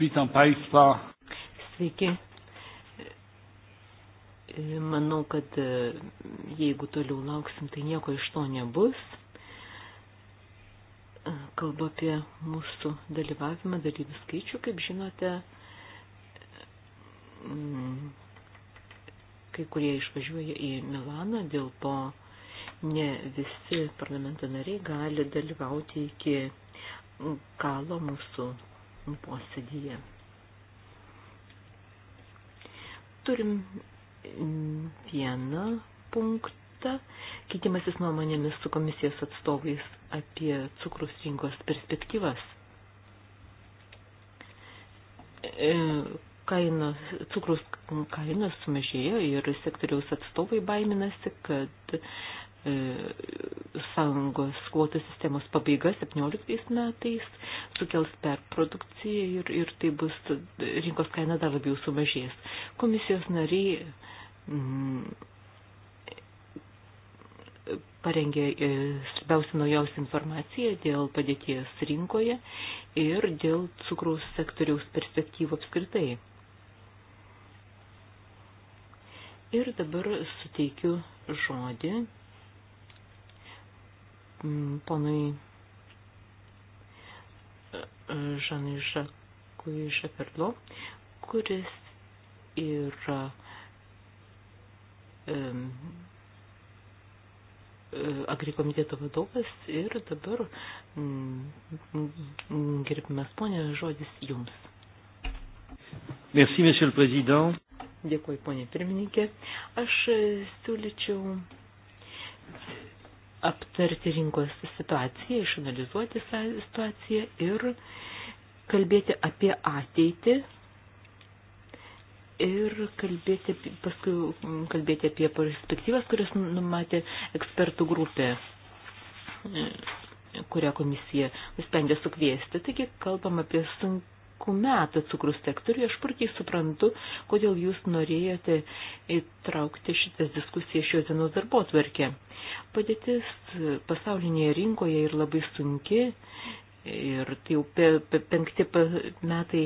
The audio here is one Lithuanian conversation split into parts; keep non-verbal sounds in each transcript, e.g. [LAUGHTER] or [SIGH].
Witam Państwa. Sveiki. Manau, kad e, jeigu toliau lauksim, tai nieko iš to nebus. E, kalbu apie mūsų dalyvavimą, dalyvių skaičių, kaip žinote, mm, kai kurie išvažiuoja į Milaną, dėl to ne visi parlamento nariai gali dalyvauti iki kalo mūsų posėdyje. Turim mm, vieną punktą, keitimasis nuomonėmis su komisijos atstovais apie cukrus rinkos perspektyvas. E, kainos, cukrus kainos sumažėjo ir sektoriaus atstovai baiminasi, kad E, sąjungos kvotų sistemos pabaiga 17 metais sukels perprodukciją ir, ir tai bus rinkos kaina dar labiau sumažės. Komisijos nariai mm, parengė e, svarbiausią naujausią informaciją dėl padėties rinkoje ir dėl cukraus sektoriaus perspektyvų apskritai. Ir dabar suteikiu žodį ponui e, e, Žanui Žakui Šeperlo, kuris yra um, agrikomiteto vadovas ir dabar gerbimas ponė, žodis jums. Merci, monsieur le président. Dėkui, ponė pirmininkė. Aš siūlyčiau aptarti rinkos situaciją, išanalizuoti situaciją ir kalbėti apie ateitį ir kalbėti, paskui kalbėti apie perspektyvas, kurias numatė ekspertų grupė e, kurią komisija nusprendė sukviesti. Taigi kalbam apie sunkiai metą cukrus sektoriui, aš puikiai suprantu, kodėl jūs norėjote įtraukti šitas diskusijas šios dienos darbo tvarkė. Padėtis pasaulinėje rinkoje ir labai sunki ir tai jau pe, pe, penkti metai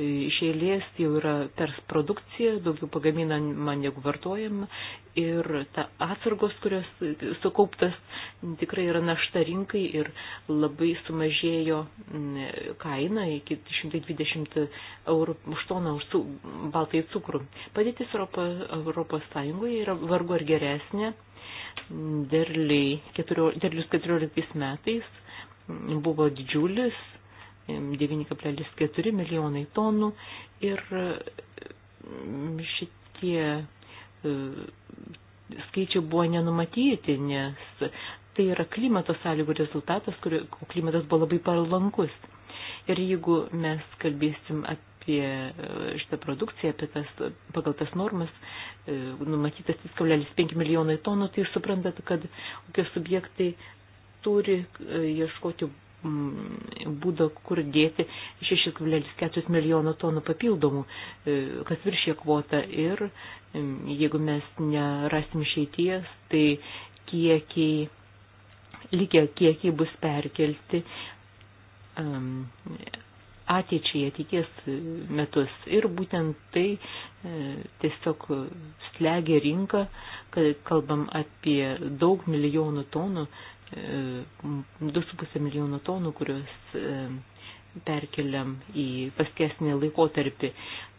iš eilės jau yra pers produkcija, daugiau pagaminama negu vartojama ir ta atsargos, kurios sukauptas, tikrai yra našta rinkai ir labai sumažėjo kaina iki 120 eurų už toną už baltai cukrų. Padėtis Europos, Europos Sąjungoje yra vargu ar geresnė. Derliai, derlius 14 metais buvo didžiulis 9,4 milijonai tonų ir mm, šitie e, skaičiai buvo nenumatyti, nes tai yra klimato sąlygų rezultatas, kurio klimatas buvo labai palankus. Ir jeigu mes kalbėsim apie e, šitą produkciją, apie tas, pagal tas normas, e, numatytas 3,5 milijonai tonų, tai suprantat, kad ūkio subjektai turi ieškoti Mm, būdo, kur dėti 6,4 milijono tonų papildomų, e, kas viršė kvotą. Ir mm, jeigu mes nerasim išeities, tai kiekiai, likę kiekiai bus perkelti mm, ateičiai, ateities metus. Ir būtent tai e, tiesiog slegia rinką kai kalbam apie daug milijonų tonų, 2,5 e, milijonų tonų, kurios e, perkeliam į paskesnį laikotarpį.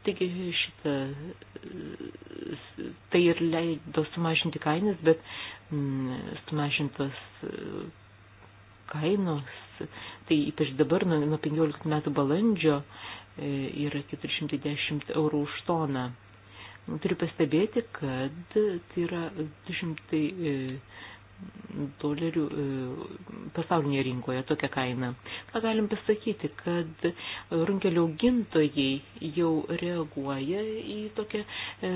Taigi šitą, e, tai ir leido sumažinti kainas, bet mm, sumažintas kainos, tai ypač dabar nuo 15 metų balandžio yra 410 eurų už toną. Turiu pastebėti, kad tai yra 200 e, dolerių e, pasaulinėje rinkoje tokia kaina. Ką galim pasakyti, kad runkelio augintojai jau reaguoja į tokią e,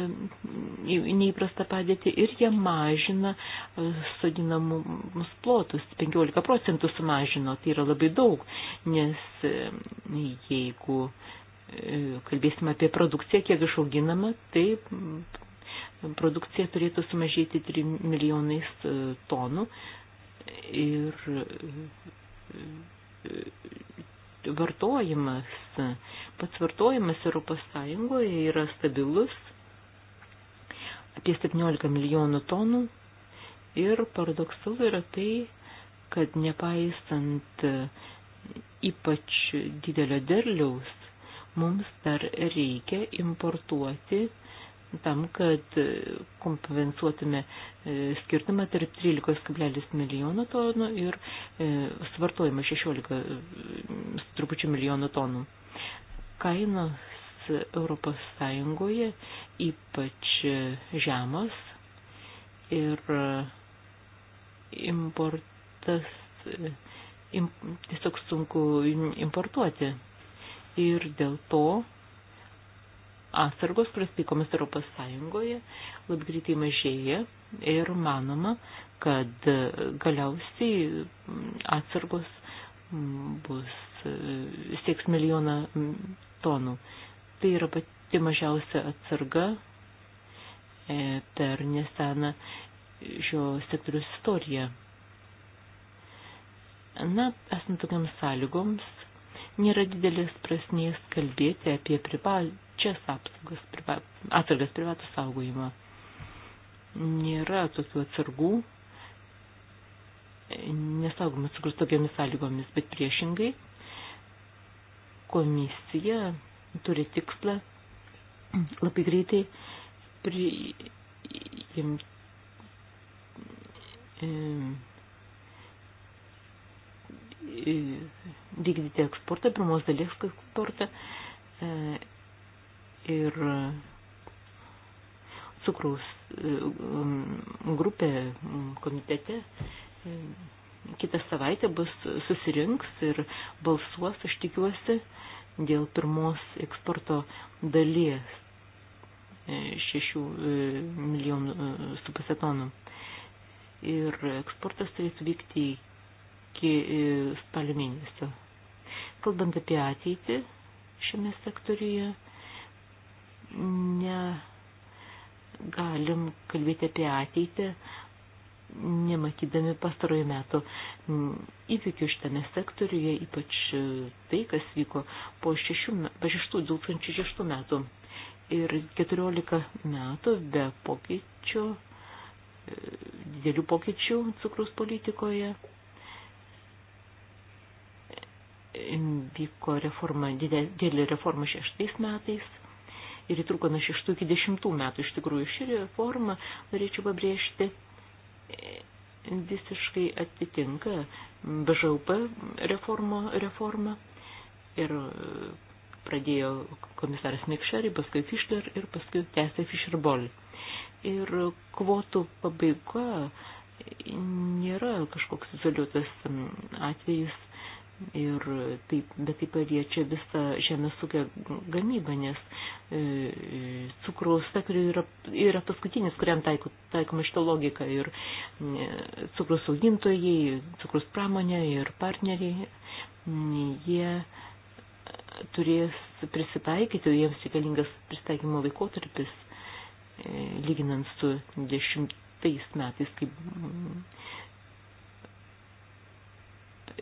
į neįprastą padėtį ir jie mažina sodinamus plotus, 15 procentų sumažino, tai yra labai daug, nes jeigu E, kalbėsim apie produkciją, kiek išauginama, tai produkcija turėtų sumažėti 3 milijonais e, tonų ir e, vartojimas, pats vartojimas Europos Sąjungoje yra stabilus, apie 17 milijonų tonų ir paradoksalu yra tai, kad nepaisant ypač didelio derliaus, mums dar reikia importuoti tam, kad e, kompensuotume e, skirtumą tarp 13,1 milijono tonų ir e, svartojimo 16 trupučių milijono tonų. Kainos Europos Sąjungoje ypač žemos ir importas im, tiesiog sunku importuoti ir dėl to atsargos, kurias taikomas Europos Sąjungoje, labai greitai mažėja ir manoma, kad galiausiai mm, atsargos mm, bus e, sieks milijoną mm, tonų. Tai yra pati mažiausia atsarga e, per neseną šio sektoriaus istoriją. Na, esant tokiams sąlygoms, nėra didelės prasmės kalbėti apie privačias apsaugas, priva, atsargas privatų saugojimą. Nėra tokių atsargų, nesaugomas cukrus tokiamis sąlygomis, bet priešingai komisija turi tikslą labai greitai priimti vykdyti eksportą, pirmos dalies eksportą e, ir cukraus e, grupė komitete e, kitą savaitę bus susirinks ir balsuos, aš tikiuosi, dėl pirmos eksporto dalies 6 milijonų su pasetonų. Ir eksportas turėtų vykti į iki e, spalio mėnesio. Kalbant apie ateitį šiame sektoriuje, negalim kalbėti apie ateitį, nematydami pastarojų metų įvykių šitame sektoriuje, ypač e, tai, kas vyko po 2006 metų. Ir 14 metų be pokyčių e, didelių pokyčių cukrus politikoje vyko reforma, didelė reforma šeštais metais ir įtruko nuo šeštų iki dešimtų metų. Iš tikrųjų, ši reforma, norėčiau pabrėžti, visiškai atitinka BŽUP reformo, reformą ir pradėjo komisaras Mikšerį, paskui Fischler ir paskui tęsė Fischerboll. Ir kvotų pabaiga nėra kažkoks izoliuotas mm, atvejis Ir taip, bet taip paliečia visą žemės ūkio gamybą, nes e, e cukraus sektoriui yra, yra paskutinis, kuriam taiko, taikoma šitą logiką. Ir e, cukraus augintojai, cukraus pramonė ir partneriai, jie turės prisitaikyti, jiems reikalingas pristaikymo laikotarpis, e, lyginant su dešimtais metais, kaip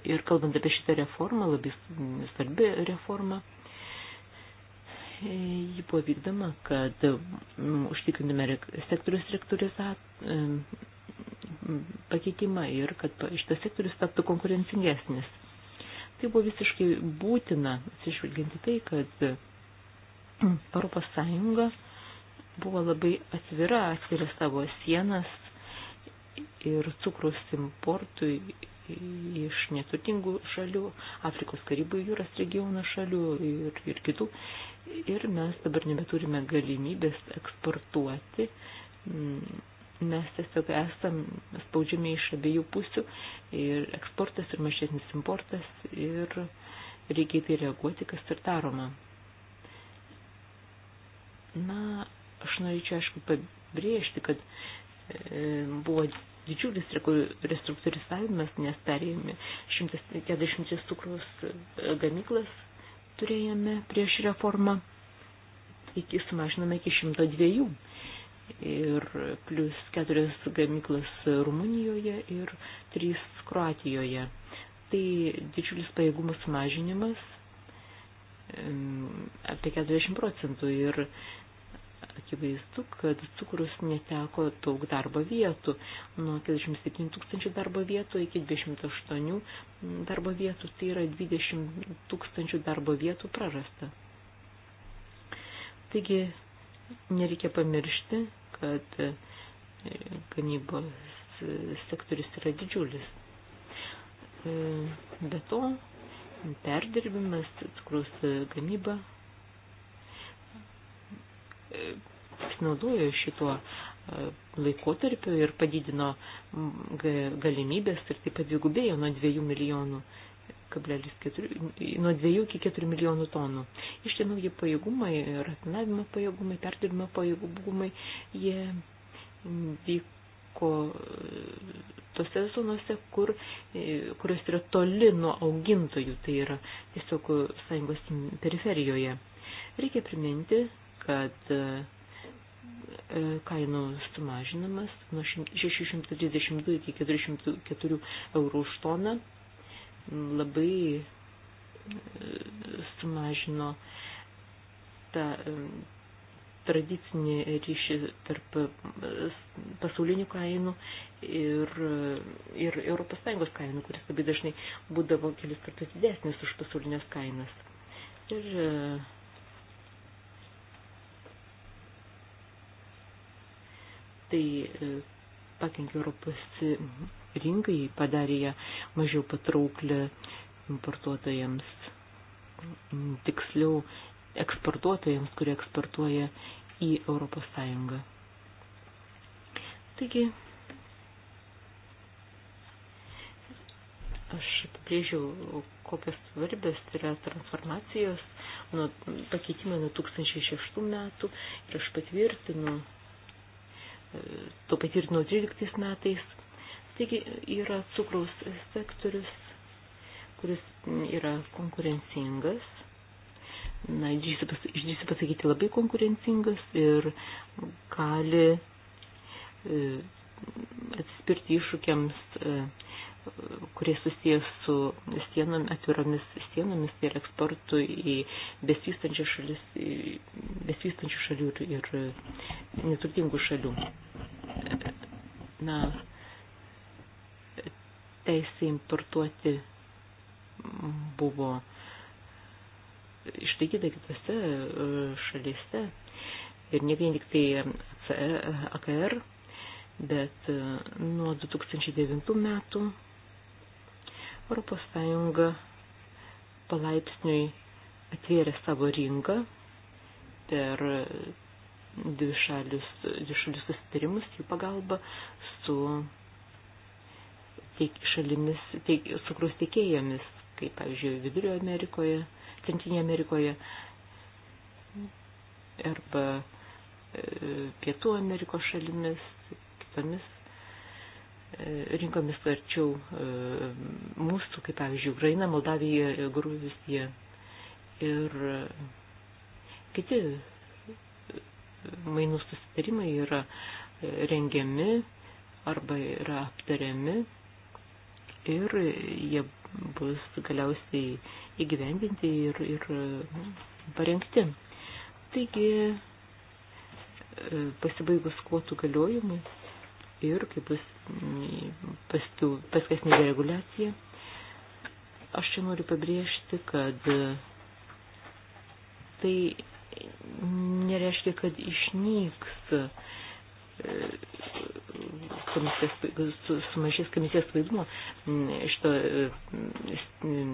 ir kalbant apie šitą reformą, labai svarbi reforma, ji buvo vykdoma, kad užtikrintume sektorius pakeitimą ir kad šitas sektorius taptų konkurencingesnis. Tai buvo visiškai būtina, atsižvelginti tai, kad Europos Sąjunga buvo labai atvira, atvirė savo sienas ir cukrus importui iš neturtingų šalių, Afrikos Karibų jūros regiono šalių ir, ir kitų. Ir mes dabar nebeturime galimybės eksportuoti. Mm, mes tiesiog esam spaudžiami iš abiejų pusių ir eksportas ir mažesnis importas ir reikia tai reaguoti, kas ir daroma. Na, aš norėčiau aišku pabrėžti, kad e, buvo didžiulis restruktūrizavimas, nes perėjome 140 cukraus e, gamyklas turėjome prieš reformą, iki sumažinome iki 102 ir plus 4 gamyklas Rumunijoje ir 3 Kroatijoje. Tai didžiulis pajėgumų sumažinimas apie 40 procentų ir akivaizdu, kad cukrus neteko daug darbo vietų, nuo 47 tūkstančių darbo vietų iki 28 darbo vietų, tai yra 20 tūkstančių darbo vietų prarasta. Taigi nereikia pamiršti, kad e, gamybos sektorius yra didžiulis. E, be to, perdirbimas, cukrus gamyba pasinaudojo šituo e, laikotarpiu ir padidino galimybės ir taip pat dvigubėjo nuo 2 milijonų kablelis 4, nuo 2 iki 4 milijonų tonų. Iš tie nauji pajėgumai, rafinavimo pajėgumai, perdirbimo pajėgumai, jie vyko e, tose zonose, kur, e, kurios yra toli nuo augintojų, tai yra tiesiog sąjungos periferijoje. Reikia priminti, kad e, e, kainų sumažinimas nuo 632 iki 404 eurų už toną labai e, sumažino tą tradicinį ryšį tarp pasaulinių kainų ir, ir ES kainų, kuris labai dažnai būdavo kelis kartus didesnis už pasaulinės kainas. Ir tai e, pakenkė Europos rinkai, padarė ją mažiau patrauklę importuotojams, tiksliau eksportuotojams, kurie eksportuoja į Europos Sąjungą. Taigi, aš apibrėžiau, kokios svarbios yra transformacijos nuo pakeitimą nuo 2006 metų ir aš patvirtinu to patvirtino 13 metais. Taigi yra cukraus sektorius, kuris yra konkurencingas. Na, išdysiu pasakyti labai konkurencingas ir gali e, atsispirti iššūkiams e, kurie susijęs su sienom, atviromis sienomis ir tai eksportu į besivystančių šalis, besivystančių šalių ir, ir neturtingų šalių. Na, teisė importuoti buvo išlaikyta kitose e, šalyse ir ne vien tik tai AKR, e, bet e, nuo 2009 metų Europos Sąjunga palaipsniui atvėrė savo rinką per dvišalius, dvišalius susitarimus, jų pagalba su teik, šalimis, teik, cukraus tiekėjomis, kaip, pavyzdžiui, Vidurio Amerikoje, Centrinėje Amerikoje arba e, Pietų Amerikos šalimis, kitomis rinkomis arčiau e, mūsų, kaip pavyzdžiui, Ukraina, Moldavija, Gruzija ir e, kiti e, mainų susitarimai yra rengiami arba yra aptariami ir jie bus galiausiai įgyvendinti ir, ir parengti. Taigi, pasibaigus kuotų galiojimui, ir kaip bus paskesnė deregulacija. Aš čia noriu pabrėžti, kad tai nereiškia, kad išnyks e, komisijos, sumažės komisijos vaidmuo šito, e,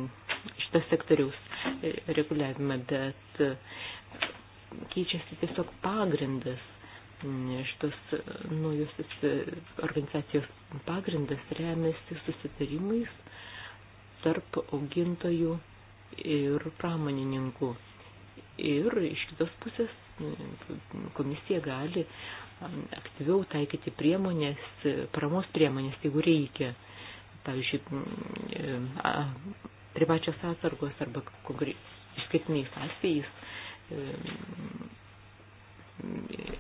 šito sektoriaus e, reguliavimą, bet keičiasi tiesiog pagrindas šitos e, naujosios e, organizacijos pagrindas remiasi susitarimais tarp augintojų ir pramonininkų. Ir iš kitos pusės komisija gali aktyviau taikyti priemonės, e, paramos priemonės, jeigu reikia. Pavyzdžiui, privačios atsargos arba išskirtiniais atvejais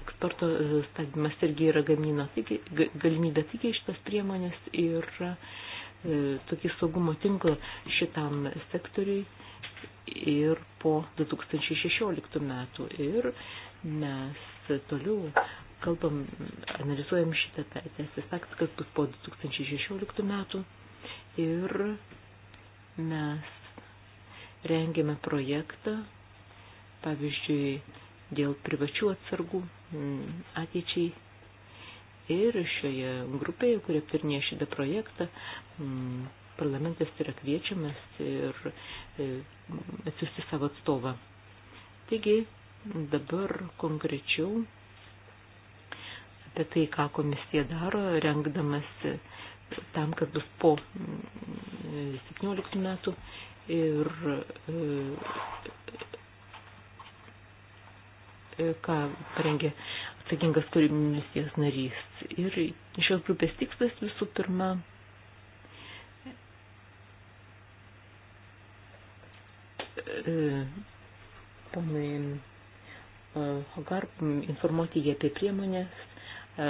eksporto e, stabdymas irgi yra gamino, taigi, galimybė, taigi šitas priemonės yra e, tokį saugumo tinklą šitam sektoriui ir po 2016 metų. Ir mes toliau kalbam, analizuojam šitą teisės aktą, kas bus po 2016 metų. Ir mes rengėme projektą, pavyzdžiui, dėl privačių atsargų mm, ateičiai. Ir šioje grupėje, kurie aptarnė šitą projektą, mm, parlamentas yra kviečiamas ir e, atsiųsti savo atstovą. Taigi dabar konkrečiau apie tai, ką komisija daro, rengdamas tam, kad bus po 17 mm, metų ir e, ką parengė atsakingas komisijos narys. Ir šios grupės tikslas visų pirma e, ponai e, Hogar informuoti jie apie priemonės, e,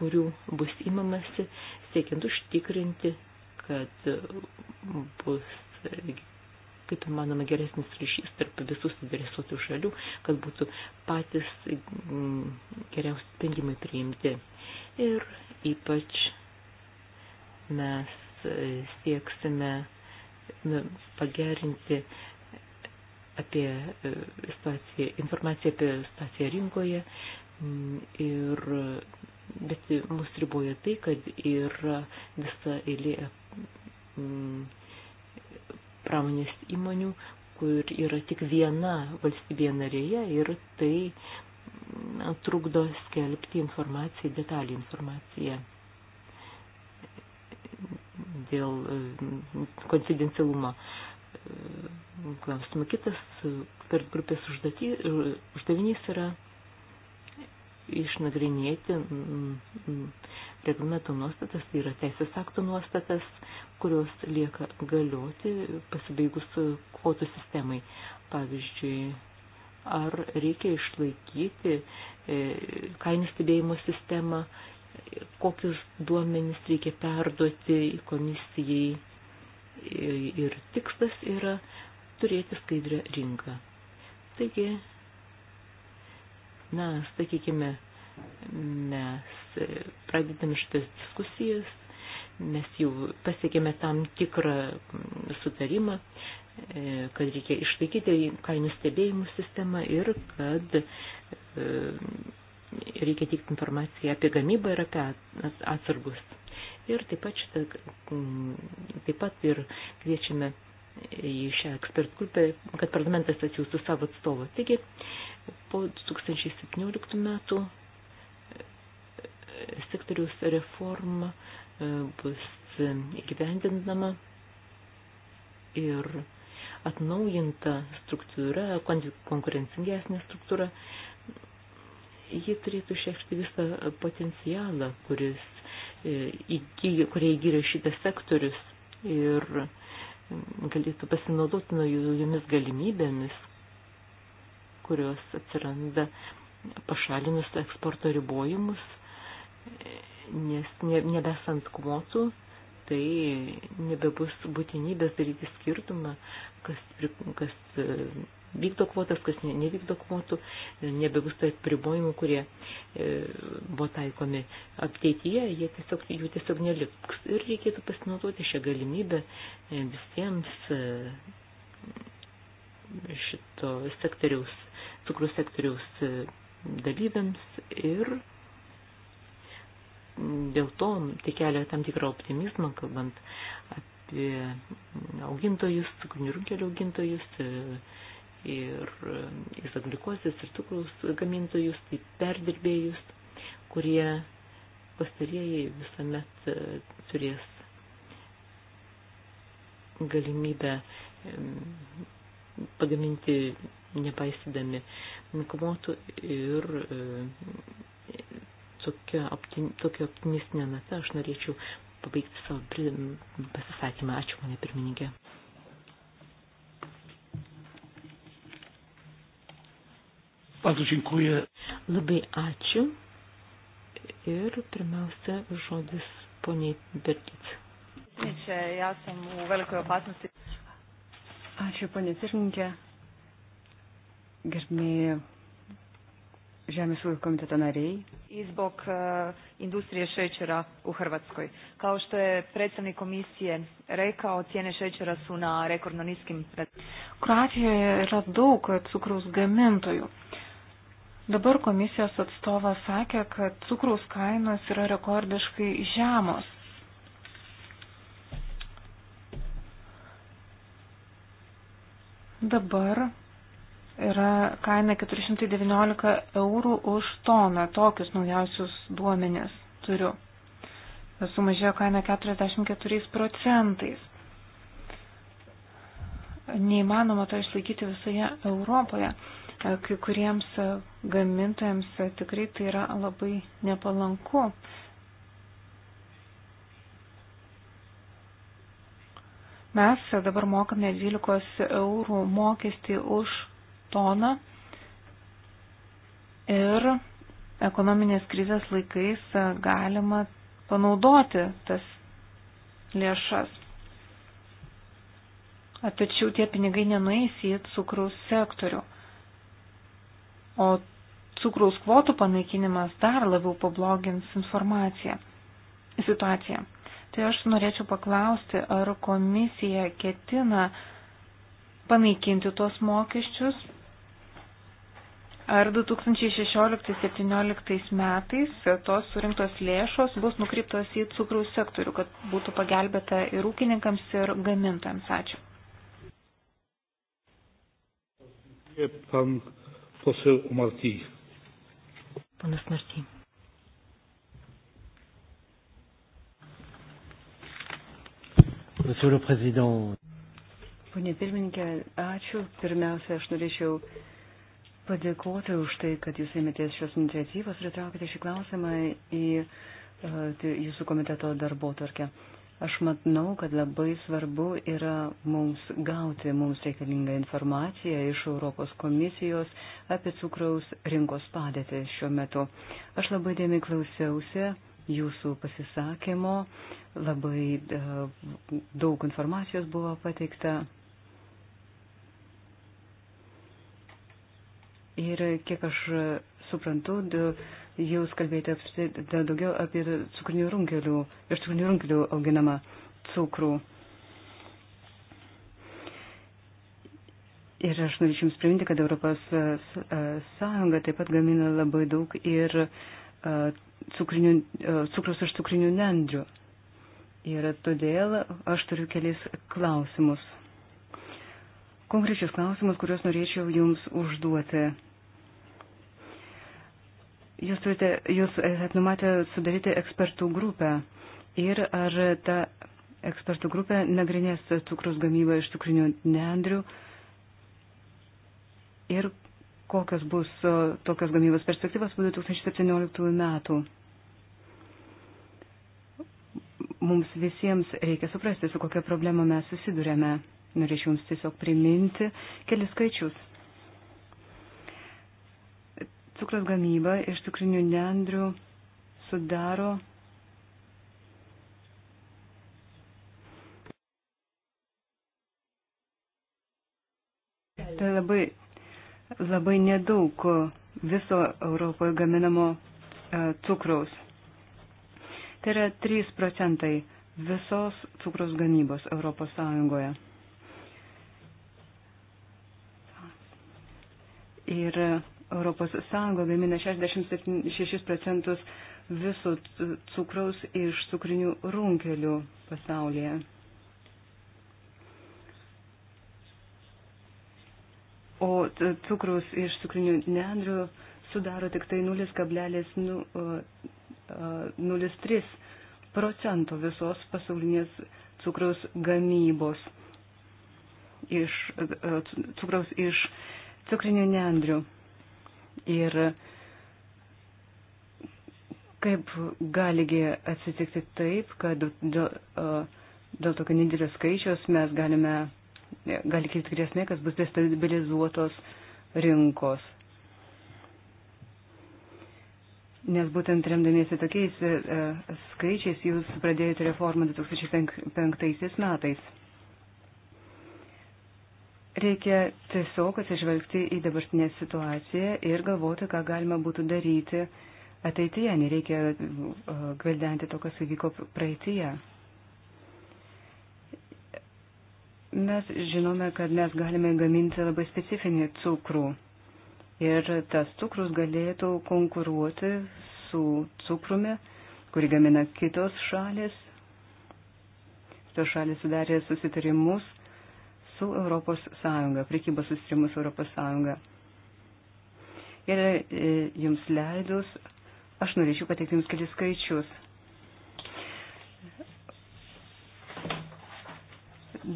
kurių bus imamasi, siekiant užtikrinti, kad bus kaip įmanoma, geresnis ryšys tarp visų suinteresuotų šalių, kad būtų patys mm, geriausi sprendimai priimti. Ir ypač mes e, sieksime nu, pagerinti apie e, situaciją, informaciją apie situaciją rinkoje mm, ir bet mus riboja tai, kad yra visa eilė mm, pramonės įmonių, kur yra tik viena valstybė narėje ir tai trukdo skelbti informaciją, detalį informaciją dėl e, konfidencialumo e, klausimą. Kitas e, per grupės užduotį, uždavinys yra išnagrinėti reglamento nuostatas, tai yra teisės aktų nuostatas, kurios lieka galioti pasibaigus kvotų sistemai. Pavyzdžiui, ar reikia išlaikyti e, kainų stebėjimo sistemą, kokius duomenis reikia perduoti komisijai e, ir tikslas yra turėti skaidrę rinką. Taigi, na, sakykime, mes e, pradedam šitas diskusijas, mes jau pasiekėme tam tikrą mm, sutarimą, e, kad reikia išlaikyti kainų stebėjimų sistemą ir kad e, reikia teikti informaciją apie gamybą ir apie atsargus. Ir taip pat, šitą, mm, taip pat ir kviečiame į šią ekspertų grupę, kad parlamentas atsiųstų savo atstovą. Taigi, po 2017 metų sektoriaus reforma e, bus įgyvendinama ir atnaujinta struktūra, konkurencingesnė struktūra, ji turėtų išreikšti visą potencialą, kuris, e, kurį įgyjo šitas sektorius ir galėtų pasinaudoti naujomis galimybėmis, kurios atsiranda pašalinus eksporto ribojimus nes ne, nebesant kvotų, tai nebebus būtinybės daryti skirtumą, kas, kas e, vykdo kvotas, kas ne, nevykdo kvotų, nebebus tai apribojimų, kurie e, buvo taikomi ateityje, jie tiesiog, jų tiesiog neliks. Ir reikėtų pasinaudoti šią galimybę e, visiems e, šito sektoriaus, cukrų sektoriaus e, dalyviams ir dėl to tai kelia tam tikrą optimizmą, kalbant apie augintojus, cukrinių runkelių augintojus e, ir e, izogliukozės ir cukraus gamintojus, tai perdirbėjus, kurie pastarieji visuomet e, turės galimybę pagaminti nepaisydami nukomotų ir tokia, optim, tokia optimistinė nata aš norėčiau pabaigti savo pasisakymą. Ačiū, mane pirmininkė. Bardzo dziękuję. Labai ačiū. Ir pirmiausia, žodis poniai Bertic. Ačiū, ponė Sirminkė. Gerbėjai Žemės ūkio komiteto nariai. I zbog uh, industrije šećera u Hrvatskoj. Kao što je predsjednik komisije rekao, cijene šećera su na rekordno niskim Kroatijoje yra daug cukraus gamintojų. Dabar komisijos atstovas sakė, kad cukraus kainos yra rekordiškai žemos. Dabar yra kaina 419 eurų už toną. Tokius naujausius duomenis turiu. Sumažėjo kaina 44 procentais. Neįmanoma to išlaikyti visoje Europoje. Kai kuriems gamintojams tikrai tai yra labai nepalanku. Mes dabar mokame 12 eurų mokestį už toną ir ekonominės krizės laikais e, galima panaudoti tas lėšas. Tačiau tie pinigai nenueis į cukraus sektorių. O cukraus kvotų panaikinimas dar labiau pablogins informaciją, situaciją. Tai aš norėčiau paklausti, ar komisija ketina panaikinti tuos mokesčius Ar 2016-2017 metais tos surinktos lėšos bus nukryptos į cukraus sektorių, kad būtų pagelbėta ir ūkininkams, ir gamintojams? Ačiū. Panas Marty. Monsieur le Président. Pone pirmininkė, ačiū. Pirmiausia, aš norėčiau padėkoti už tai, kad jūs ėmėtės šios iniciatyvos ir traukite šį klausimą į e, tai jūsų komiteto darbo tvarkę. Aš matau, kad labai svarbu yra mums gauti mums reikalingą informaciją iš Europos komisijos apie cukraus rinkos padėtį šiuo metu. Aš labai dėmi klausiausi jūsų pasisakymo, labai e, daug informacijos buvo pateikta Ir kiek aš suprantu, jūs kalbėjote daugiau apie cukrinių runkelių, iš cukrinių runkelių auginamą cukrų. Ir aš norėčiau Jums priminti, kad Europos Sąjunga taip pat gamina labai daug ir cukrinių, cukrus iš cukrinių nendrių. Ir todėl aš turiu kelis klausimus konkrečius klausimus, kuriuos norėčiau Jums užduoti. Jūs, turite, jūs numatė sudaryti ekspertų grupę ir ar ta ekspertų grupė nagrinės cukrus gamybą iš cukrinių neandrių ir kokios bus tokios gamybos perspektyvos po 2017 metų. Mums visiems reikia suprasti, su kokia problema mes susidurėme. Norėčiau Jums tiesiog priminti kelius skaičius. Cukros gamyba iš cukrinių nendrių sudaro Tai labai, labai nedaug viso Europoje gaminamo e, cukraus. Tai yra 3 procentai visos cukraus gamybos Europos Sąjungoje. ir ES gamina 66 procentus viso cukraus iš cukrinių runkelių pasaulyje. O cukrus iš cukrinių nendrių sudaro tik tai 0,03 procento visos pasaulinės cukraus gamybos iš, cukraus iš cukrinių neandrių. Ir kaip galigi atsitikti taip, kad dėl, dėl tokio nedidelio skaičiaus mes galime, gali kilti grėsmė, kad bus destabilizuotos rinkos. Nes būtent remdamiesi tokiais e, skaičiais jūs pradėjote reformą 2005 metais. Reikia tiesiog atsižvelgti į dabartinę situaciją ir galvoti, ką galima būtų daryti ateityje. Nereikia uh, gvildenti to, kas įvyko praeityje. Mes žinome, kad mes galime gaminti labai specifinį cukrų. Ir tas cukrus galėtų konkuruoti su cukrumi, kurį gamina kitos šalis. Tos šalis sudarė susitarimus su ES, prekybos sustrimus ES. Ir e, jums leidus, aš norėčiau pateikti jums kelis skaičius.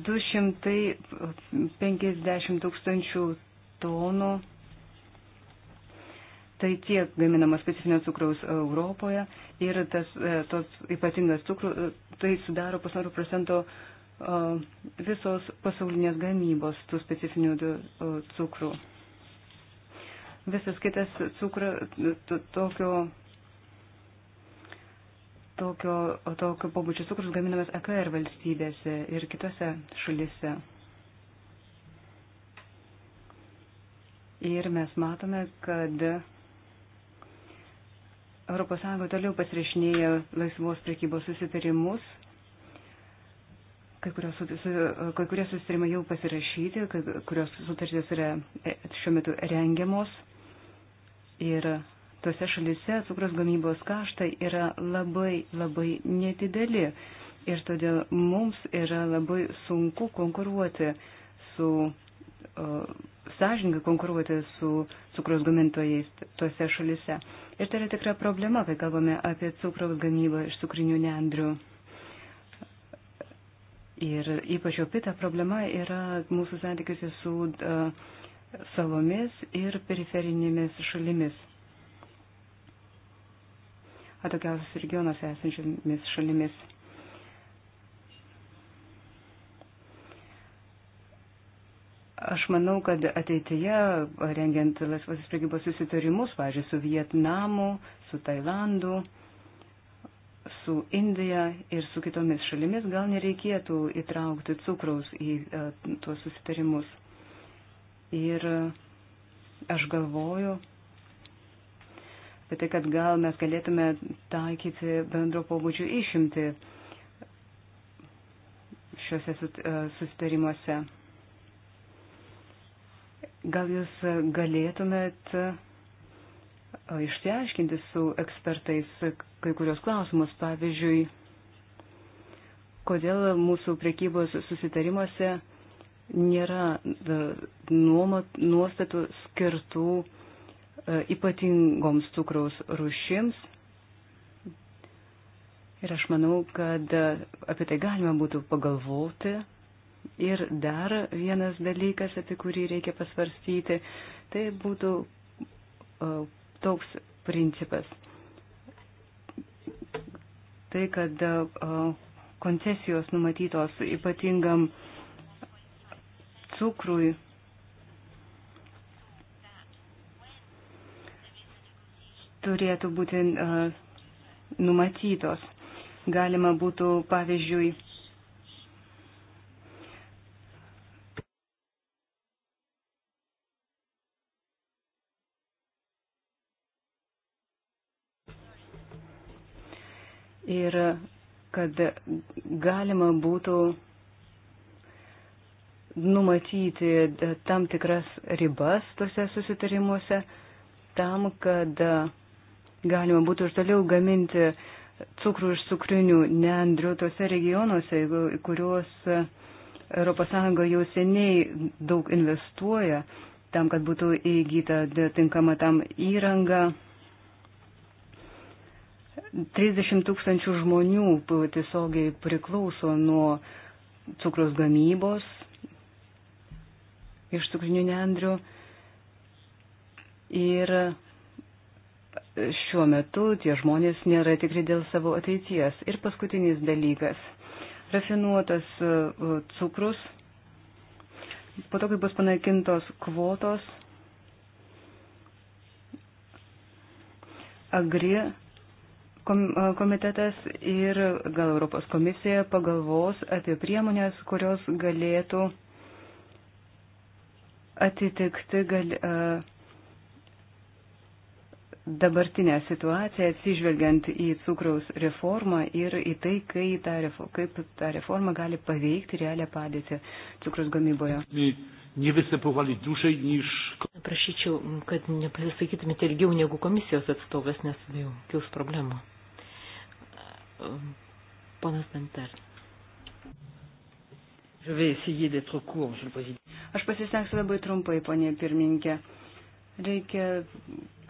250 tūkstančių tonų. Tai tiek gaminama specifinio cukraus Europoje ir tas e, tos ypatingas cukrus, e, tai sudaro pusantro procento visos pasaulinės gamybos tų specifinių e, cukrų. Visas kitas cukra, tokio, tokio, tokio pobūdžio cukrus gaminamas AKR e valstybėse ir kitose šalise. Ir mes matome, kad ES toliau pasirašinėja laisvos prekybos susitarimus Kai, kurios, kai kurie susitarimai jau pasirašyti, kai kurios sutartys yra e, šiuo metu rengiamos ir tose šalise cukros gamybos kaštai yra labai labai nedideli ir todėl mums yra labai sunku konkuruoti su, sąžininkai konkuruoti su cukros gamintojais tose šalise. Ir tai yra tikra problema, kai kalbame apie cukros gamybą iš cukrinių nendrių. Ir ypač opita problema yra mūsų santykiuose su uh, salomis ir periferinėmis šalimis. Atokiausios regionuose esančiomis šalimis. Aš manau, kad ateityje, rengiant laisvasis prekybos susitarimus, pažiūrėjau, su Vietnamu, su Tailandu, uh, su Indija ir su kitomis šalimis gal nereikėtų įtraukti cukraus į e, tuos susitarimus. Ir e, aš galvoju apie tai, kad gal mes galėtume taikyti bendro pobūdžio išimti šiuose e, susitarimuose. Gal jūs galėtumėt išsiaiškinti su ekspertais kai kurios klausimus. Pavyzdžiui, kodėl mūsų priekybos susitarimuose nėra e, nuostatų skirtų e, ypatingoms cukraus rušims. Ir aš manau, kad apie tai galima būtų pagalvoti. Ir dar vienas dalykas, apie kurį reikia pasvarstyti, tai būtų e, toks principas. Tai, kad koncesijos numatytos ypatingam cukrui turėtų būti numatytos. Galima būtų, pavyzdžiui, kad galima būtų numatyti tam tikras ribas tose susitarimuose, tam, kad galima būtų ir toliau gaminti cukrų iš cukrinių nendrių tose regionuose, kuriuos ES jau seniai daug investuoja tam, kad būtų įgyta tinkama tam įranga 30 tūkstančių žmonių tiesiogiai priklauso nuo cukraus gamybos iš cukrinių nendrių. Ir šiuo metu tie žmonės nėra tikri dėl savo ateities. Ir paskutinis dalykas. Rafinuotas e, cukrus. Po to, kai bus panaikintos kvotos, agri komitetas ir gal Europos komisija pagalvos apie priemonės, kurios galėtų atitikti gal, dabartinę situaciją, atsižvelgiant į cukraus reformą ir į tai, kai ta, kaip ta reforma gali paveikti realią padėtį cukraus gamyboje. Prašyčiau, kad nepasisakytumėte ilgiau negu komisijos atstovas, nes jau kils problemų. Ponas Bentar. Aš pasistengsiu labai trumpai, ponė pirmininkė. Reikia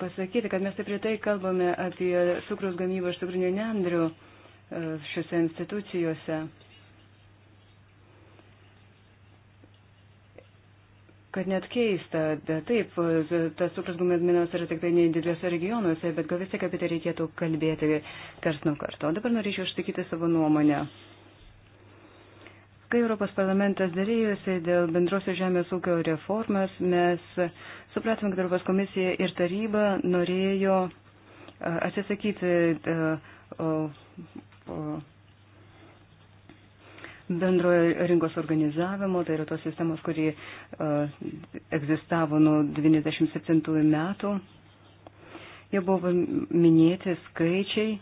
pasakyti, kad mes taip retai kalbame apie cukrus gamybą iš cukrinių nendrių e, šiuose institucijose. kad net keista, taip, tas cukrus gaminamas yra tik tai nedideliuose regionuose, bet gal vis tiek apie tai reikėtų kalbėti kars nuo karto. O dabar norėčiau išsakyti savo nuomonę. Kai Europos parlamentas dėrėjosi dėl bendrosios žemės ūkio reformas, mes supratome, kad Europos komisija ir taryba norėjo atsisakyti bendrojo rinkos organizavimo, tai yra tos sistemos, kuri uh, egzistavo nuo 1997 metų. Jau buvo minėti skaičiai.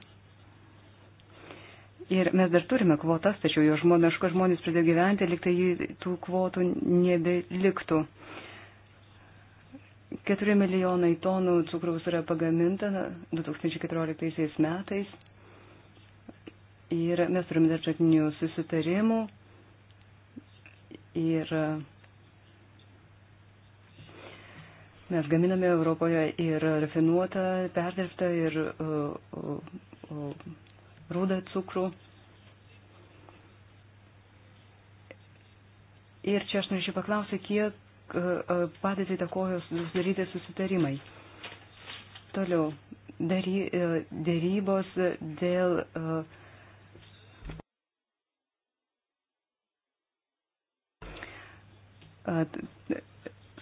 Ir mes dar turime kvotas, tačiau jo žmoniško žmonės pradėjo gyventi, liktai tų kvotų nebeliktų. 4 milijonai tonų cukraus yra pagaminta 2014 metais. Ir mes turime dar šaknių susitarimų. Ir mes gaminame Europoje ir rafinuotą, perdirbtą ir uh, uh, rūdą cukrų. Ir čia aš norėčiau paklausyti, kiek uh, padėtį takojo sudaryti susitarimai. Toliau, dary, e, dėrybos dėl uh,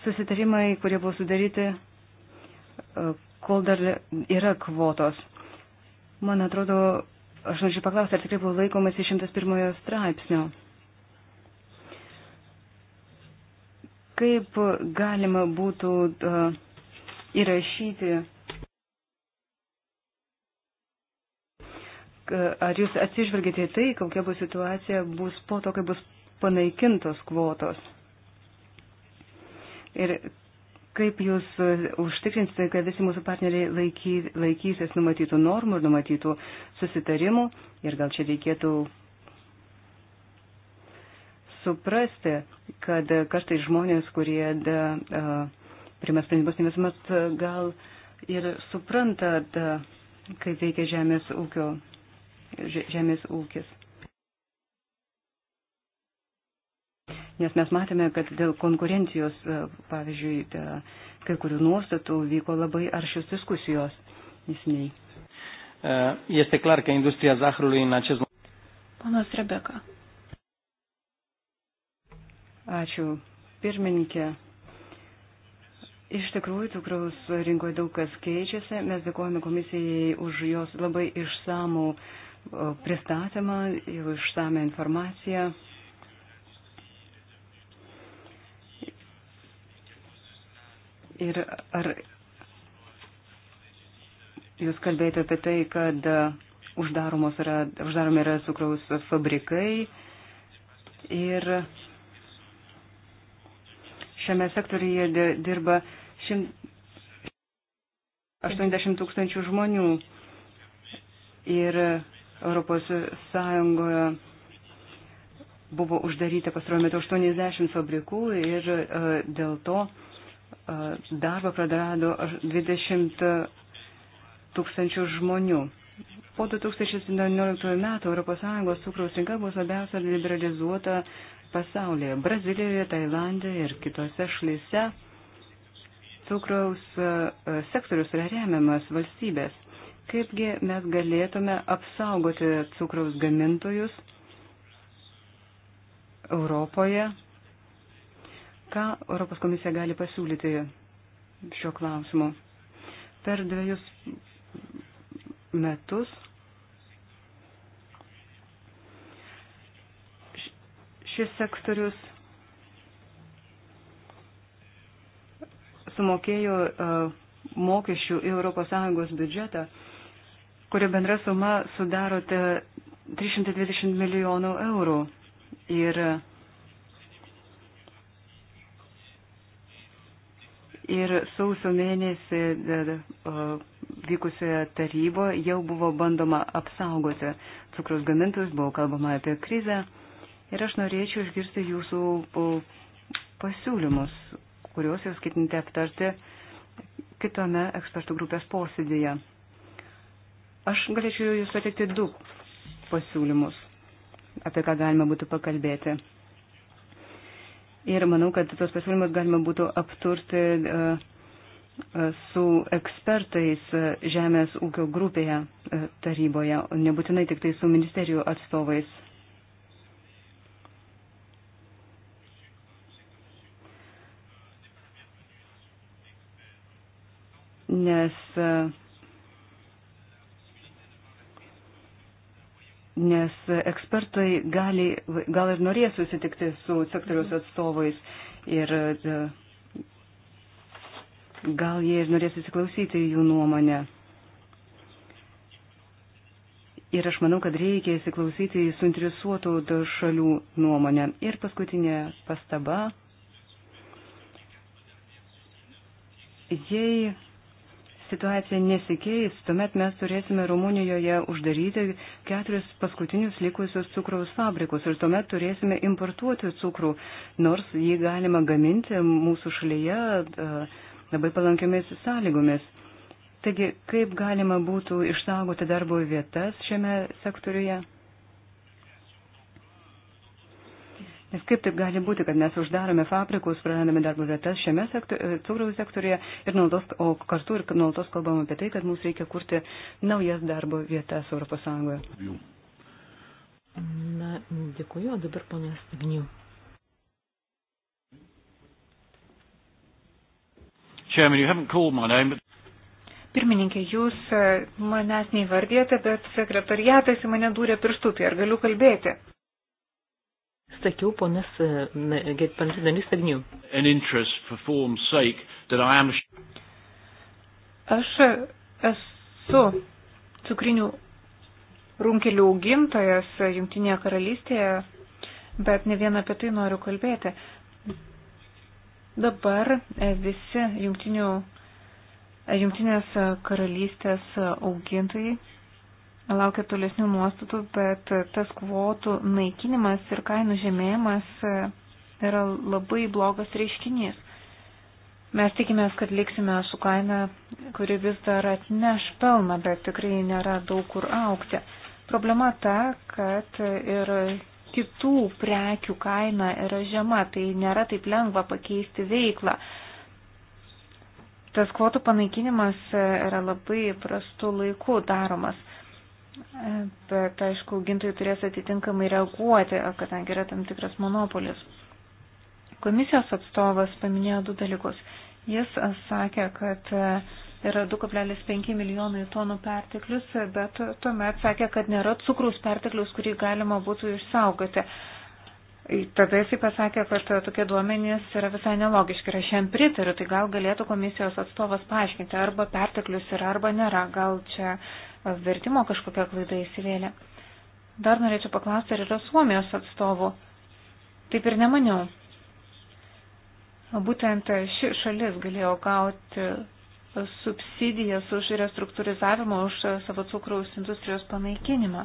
susitarimai, kurie buvo sudaryti, e, kol dar yra kvotos. Man atrodo, aš norėčiau paklausti, ar tikrai buvo laikomasi 101 straipsnio. Kaip galima būtų uh, įrašyti, ar jūs atsižvelgėte į tai, kokia bus situacija bus po to, kai bus panaikintos kvotos? Ir kaip jūs e, užtikrinsite, kad visi mūsų partneriai laiky, laikysis numatytų normų ir numatytų susitarimų. Ir gal čia reikėtų suprasti, kad kartai žmonės, kurie e, primės sprendimus, ne visuomet e, gal ir supranta, da, kaip veikia žemės ūkio, žemės ūkis. nes mes matėme, kad dėl konkurencijos, e, pavyzdžiui, dėl kai kurių nuostatų vyko labai aršios diskusijos nesiniai. E, este clar că industria zahărului în acest moment. Panas Rebeka. Ačiū, pirmininkė. Iš tikrųjų, cukraus rinkoje daug kas keičiasi. Mes dėkojame komisijai už jos labai išsamų e, pristatymą, išsamę informaciją. Ir ar jūs kalbėjote apie tai, kad uždaromos yra, uždaromi yra cukraus fabrikai ir šiame sektoriuje dirba 80 tūkstančių žmonių ir Europos Sąjungoje buvo uždaryta pastaruoju metu 80 fabrikų ir e, dėl to darbą pradarado 20 tūkstančių žmonių. Po 2017 metų ES cukraus rinka bus labiausia liberalizuota pasaulyje. Brazilijoje, Tailandė ir kitose šalyse cukraus sektorius yra remiamas valstybės. Kaipgi mes galėtume apsaugoti cukraus gamintojus Europoje ką Europos komisija gali pasiūlyti šiuo klausimu. Per dviejus metus šis sektorius sumokėjo e, mokesčių į ES biudžetą, kurio bendra suma sudaro 320 milijonų eurų. Ir Ir sausio mėnesį vykusioje taryboje jau buvo bandoma apsaugoti cukraus gamintus, buvo kalbama apie krizę. Ir aš norėčiau išgirsti jūsų pasiūlymus, kuriuos jūs ketinite aptarti kitame ekspertų grupės posėdėje. Aš galėčiau jūs pateikti du pasiūlymus, apie ką galima būtų pakalbėti. Ir manau, kad tos pasiūlymus galima būtų apturti e, e, su ekspertais e, Žemės ūkio grupėje taryboje, nebūtinai tik tai su ministerijų atstovais. Nes uh, nes ekspertai gali, gal ir norės susitikti su sektoriaus atstovais ir e, gal jie ir norės įsiklausyti jų nuomonę. Ir aš manau, kad reikia įsiklausyti į suinteresuotų šalių nuomonę. Ir paskutinė pastaba. Jei situacija nesikeis, tuomet mes turėsime Rumunijoje uždaryti keturis paskutinius likusius cukraus fabrikus ir tuomet turėsime importuoti cukrų, nors jį galima gaminti mūsų šalyje e, labai palankiomis sąlygomis. Taigi, kaip galima būtų išsaugoti darbo vietas šiame sektoriuje? Nes kaip taip gali būti, kad mes uždarome fabrikus, prarandame darbo vietas šiame sektor, e, cukraus sektorėje ir nuolatos, o kartu ir nuolatos kalbam apie tai, kad mums reikia kurti naujas darbo vietas Europos Sąjungoje. Na, dėkuoju, o dabar ponas Gniu. Chairman, you haven't called my name, but... Pirmininkė, jūs e, manęs neįvardėte, bet sekretariatas į mane dūrė pirštų, tai ar galiu kalbėti? sakiau ponas e, Danis Agnių. Aš esu cukrinių runkelių augintojas Junktinėje karalystėje, bet ne vieną apie tai noriu kalbėti. Dabar e, visi jungtinių, e, Junktinės karalystės augintojai laukia tolesnių nuostatų, bet tas kvotų naikinimas ir kainų žemėjimas e, yra labai blogas reiškinys. Mes tikimės, kad liksime su kaina, kuri vis dar atneš pelną, bet tikrai nėra daug kur aukti. Problema ta, kad ir kitų prekių kaina yra žema, tai nėra taip lengva pakeisti veiklą. Tas kvotų panaikinimas e, yra labai prastu laiku daromas. Bet, aišku, augintojai turės atitinkamai reaguoti, kadangi yra tam tikras monopolis. Komisijos atstovas paminėjo du dalykus. Jis sakė, kad yra 2,5 milijonai tonų perteklius, bet tuomet sakė, kad nėra cukraus perteklius, kurį galima būtų išsaugoti. Tada jisai pasakė, kad tokie duomenys yra visai nelogiški ir aš jam pritariu, tai gal galėtų komisijos atstovas paaiškinti, arba perteklius yra, arba nėra, gal čia vertimo kažkokia klaida įsivėlė. Dar norėčiau paklausti, ar yra Suomijos atstovų. Taip ir nemaniau. Būtent ši šalis galėjo gauti subsidijas už restruktūrizavimą, už savo cukraus industrijos panaikinimą.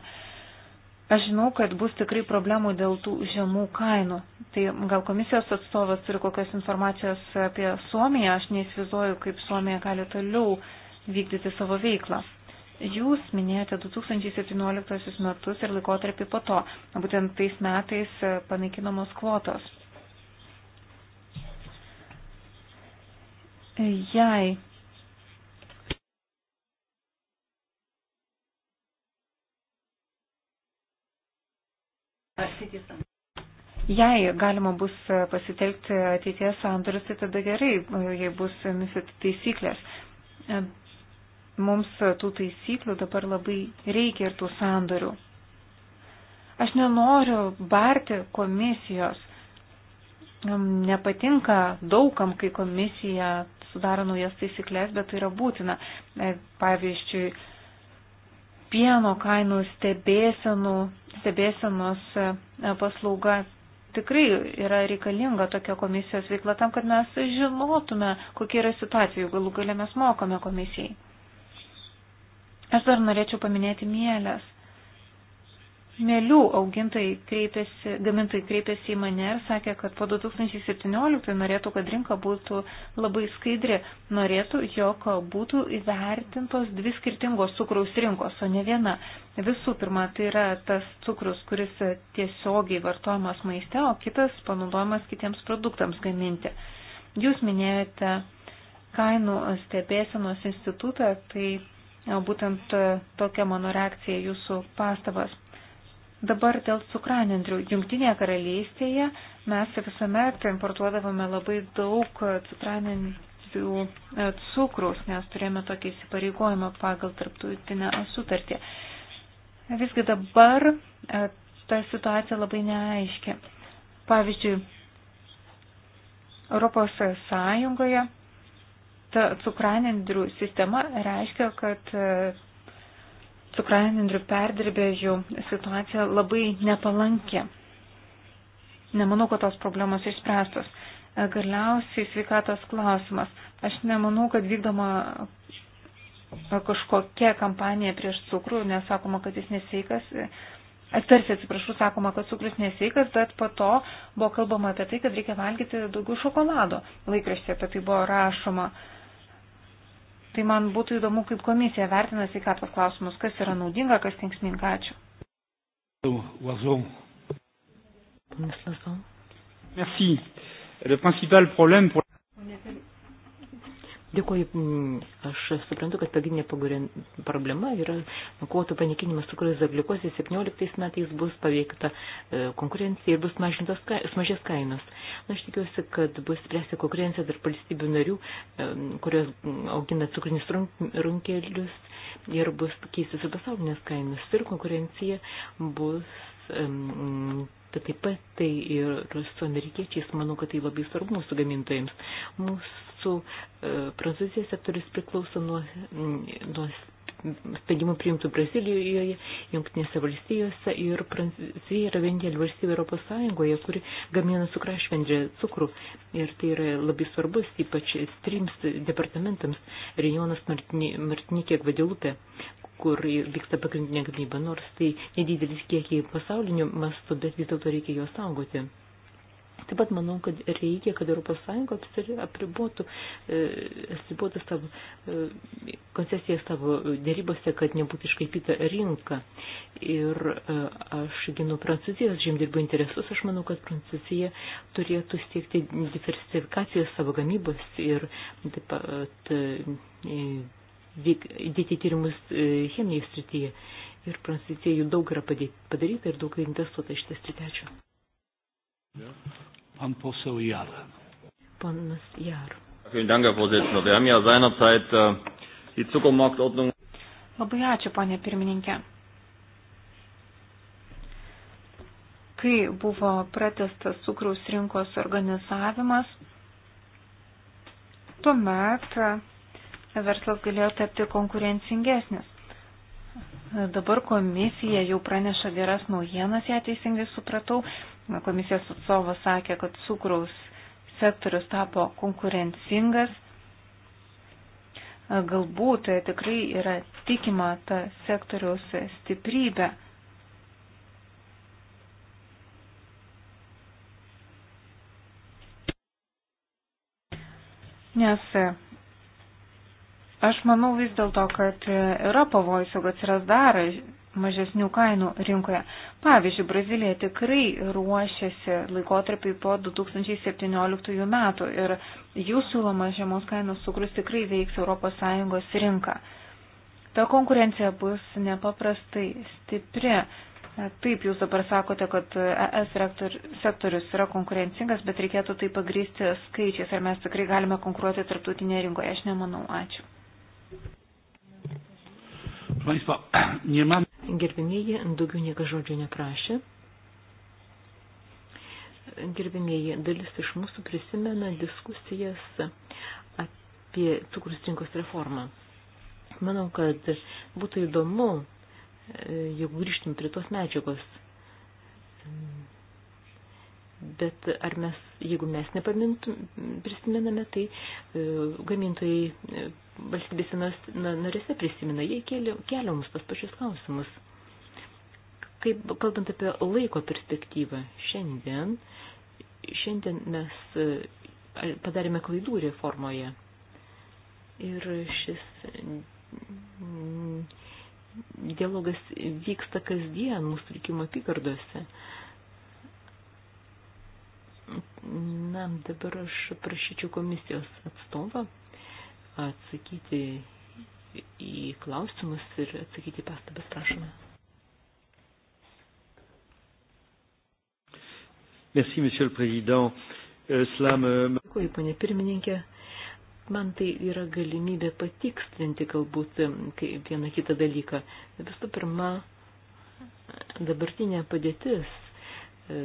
Aš žinau, kad bus tikrai problemų dėl tų žemų kainų. Tai gal komisijos atstovas turi kokios informacijos apie Suomiją, aš neįsivaizduoju, kaip Suomija gali toliau vykdyti savo veiklą. Jūs minėjote 2017 metus ir laikotarpį po to. Būtent tais metais e, panaikinamos kvotos. E, jei Jei galima bus pasitelkti ateities sandorius, tai tada gerai, jei bus MIFID taisyklės. Mums tų taisyklių dabar labai reikia ir tų sandorių. Aš nenoriu barti komisijos. Nepatinka daugam, kai komisija sudaro naujas taisyklės, bet tai yra būtina. E, pavyzdžiui, pieno kainų stebėsenų, stebėsenos e, paslauga tikrai yra reikalinga tokia komisijos veikla tam, kad mes žinotume, kokia yra situacija, jeigu galų galę mes mokame komisijai. Aš dar norėčiau paminėti mielės. Mėlių augintojai kreipėsi, gamintojai kreipėsi į mane ir sakė, kad po 2017 norėtų, kad rinka būtų labai skaidri, norėtų, jog būtų įvertintos dvi skirtingos cukraus rinkos, o ne viena. Visų pirma, tai yra tas cukrus, kuris tiesiogiai vartojamas maiste, o kitas panaudojamas kitiems produktams gaminti. Jūs minėjote kainų stebėsenos institutą, tai Būtent e, tokia mano reakcija jūsų pastabas. Dabar dėl cukranendrių. Jungtinėje karalystėje mes visuomet importuodavome labai daug cukranendrių e, cukrus, nes turėjome tokį įsipareigojimą pagal tarptautinę sutartį. Visgi dabar e, ta situacija labai neaiški. Pavyzdžiui, Europos Sąjungoje ta cukranendrių sistema reiškia, kad e, cukranendrių perdirbėjų situacija labai nepalankė. Nemanau, kad tos problemos išspręstos. E, galiausiai sveikatos klausimas. Aš nemanau, kad vykdoma e, kažkokia kampanija prieš cukrų, nesakoma, kad jis nesveikas. Tarsi atsiprašau, sakoma, kad cukrus nesveikas, bet po to buvo kalbama apie tai, kad reikia valgyti daugiau šokolado. Laikraštė apie tai buvo rašoma. Uh, Tai man būtų įdomu, kaip komisija vertina sveikatos klausimus, kas yra naudinga, kas tinksminga. Ačiū. Merci. Le principal problème pour... Dėkuoju, mm, aš suprantu, kad pagrindinė problema yra nu, kvotų panikinimas cukraus zagliukozė 17 metais bus paveikta e, konkurencija ir bus mažintos, sumažės kainos. Na, aš tikiuosi, kad bus spręsti konkurencija tarp valstybių narių, e, kurios mm, augina cukrinius runkelius ir bus keisis pasaulinės kainos ir konkurencija bus um, TTP, tai, tai ir su amerikiečiais, manau, kad tai labai svarbu mūsų gamintojams. Mūsų e, prancūzijos sektorius priklauso nuo, nuo sprendimų priimtų Brazilijoje, Junktinėse valstijose ir Prancūzija yra vienintelė valstybė Europos Sąjungoje, kuri gamina cukrašvendrę cukrų. Ir tai yra labai svarbus, ypač trims departamentams - Regionas Martinikė Gvadelupė kur vyksta pagrindinė gamyba, nors tai nedidelis kiekiai pasauliniu mastu, bet vis dėlto reikia juos saugoti. Taip pat manau, kad reikia, kad ES apribotų, e, apribotų savo e, koncesiją savo dėrybose, kad nebūtų iškaipyta rinka. Ir e, aš ginu Prancūzijos žemdirbų interesus, aš manau, kad Prancūzija turėtų siekti diversifikacijos savo gamybos ir taip pat dėti tyrimus e, chemijos srityje. Ir Prancūzijoje jų daug yra padaryta ir daug investuota šitą sritį. Ačiū. Pan posel Jar. Panas Jar. Vielen Dank, Herr Vorsitzender. Wir haben ja seinerzeit äh, die Zuckermarktordnung. Labai ačiū, ponė pirmininkė. Kai buvo pratestas cukraus rinkos organizavimas, tuomet verslas galėjo tapti konkurencingesnis. Dabar komisija jau praneša geras naujienas, ją teisingai supratau. Komisijos atstovas sakė, kad cukraus sektorius tapo konkurencingas. Galbūt tikrai yra tikima ta sektoriaus stiprybė. Nes Aš manau vis dėlto, kad yra pavojus, jog atsiras dar mažesnių kainų rinkoje. Pavyzdžiui, Brazilija tikrai ruošiasi laikotarpiai po 2017 metų ir jų siūloma žemos kainos cukrus tikrai veiks ES rinką. Ta konkurencija bus nepaprastai stipri. Taip, jūs dabar sakote, kad ES sektorius yra konkurencingas, bet reikėtų tai pagrysti skaičiais, ar mes tikrai galime konkuruoti tarptautinėje rinkoje. Aš nemanau. Ačiū. [CLEARS THROAT] Gerbimieji, daugiau niekas žodžio neprašė. Gerbimieji, dalis iš mūsų prisimena diskusijas apie cukrus rinkos reformą. Manau, kad būtų įdomu, jeigu grįžtum prie tos medžiagos. Bet ar mes, jeigu mes nepamintum, prisimename, tai e, gamintojai valstybės narėse prisimena, jie kelia, kelia mums tas pačius klausimus. Kaip, kalbant apie laiko perspektyvą, šiandien, šiandien mes e, padarėme klaidų reformoje. Ir šis mm, dialogas vyksta kasdien mūsų likimo apygardose. Na, dabar aš prašyčiau komisijos atstovą atsakyti į klausimus ir atsakyti pastabas, prašome. Merci, monsieur le président. Slam. Euh, Dėkuoju, ponė pirmininkė. Man tai yra galimybė patikslinti galbūt vieną kitą dalyką. Visų pirma, dabartinė padėtis, e,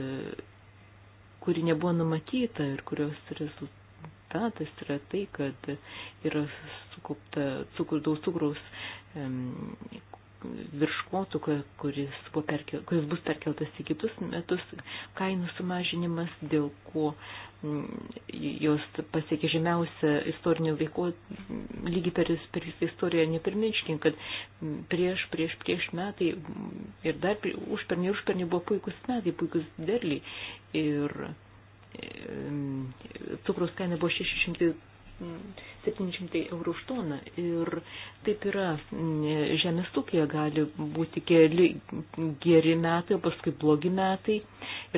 kuri nebuvo numatyta ir kurios rezultatas rezultatas yra tai, kad yra sukaupta cukrų, cukraus um, virškotų, kuris, perkel, kuris bus perkeltas į kitus metus, kainų sumažinimas, dėl ko jos pasiekė žemiausią istorinių veikų lygį per, per visą istoriją. Nepamirškim, kad prieš, prieš, prieš metai ir dar užpernį, užpernį buvo puikus metai, puikus derliai. Ir cukrus kaina buvo 600 700 eurų už toną. Ir taip yra, žemės ūkija gali būti keli geri metai, o paskui blogi metai,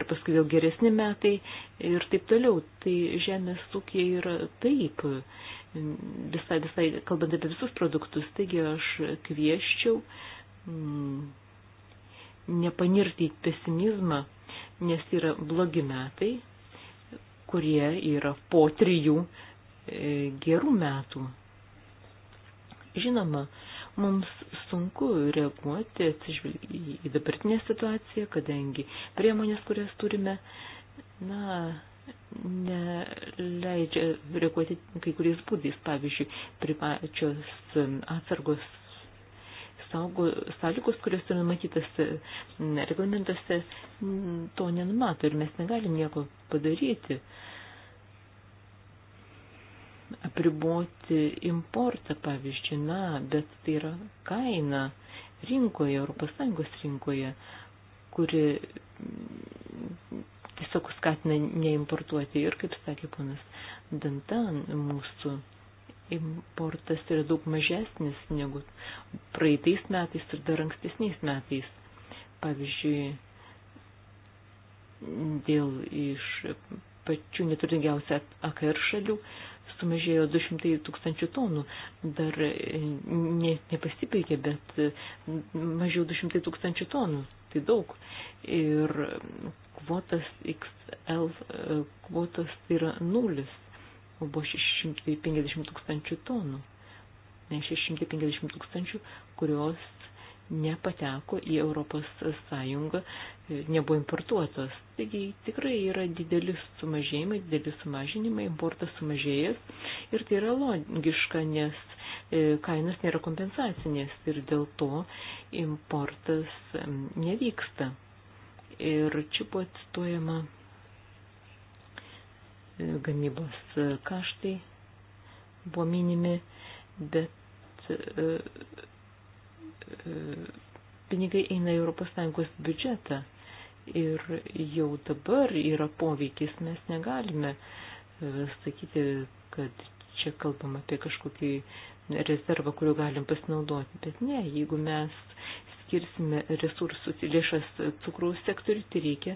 ir paskui vėl geresni metai, ir taip toliau. Tai žemės ūkija yra taip, visai, visai, kalbant apie visus produktus, taigi aš kvieščiau m, nepanirti į pesimizmą, nes yra blogi metai, kurie yra po trijų e, gerų metų. Žinoma, mums sunku reaguoti į dabartinę situaciją, kadangi priemonės, kurias turime, na, neleidžia reaguoti kai kuriais būdais, pavyzdžiui, privačios e, atsargos saugo, sąlygos, kurios yra numatytas e, reglamentuose, to nenumato ir mes negalim nieko padaryti. Apriboti importą, pavyzdžiui, na, bet tai yra kaina rinkoje, ES rinkoje, kuri tiesiog skatina neimportuoti. Ir kaip sakė ponas Dantan, mūsų importas yra daug mažesnis negu praeitais metais ir dar ankstesniais metais. Pavyzdžiui, dėl iš pačių neturtingiausių AKR šalių sumažėjo 200 tūkstančių tonų. Dar e, ne, nepasibaigė, bet e, mažiau 200 tūkstančių tonų. Tai daug. Ir kvotas XL, e, kvotas tai yra nulis buvo 650 tūkstančių tonų. Ne 650 tūkstančių, kurios nepateko į Europos Sąjungą, e, nebuvo importuotos. Taigi tikrai yra didelis sumažėjimai, didelis sumažinimai, importas sumažėjęs ir tai yra logiška, nes e, kainos nėra kompensacinės ir dėl to importas nevyksta. Ir čia buvo cituojama gamybos kaštai buvo minimi, bet e, e, pinigai eina į ES biudžetą ir jau dabar yra poveikis, mes negalime e, sakyti, kad čia kalbam apie kažkokį rezervą, kuriuo galim pasinaudoti, bet ne, jeigu mes skirsime resursus ir lėšas cukraus sektoriui, tai reikia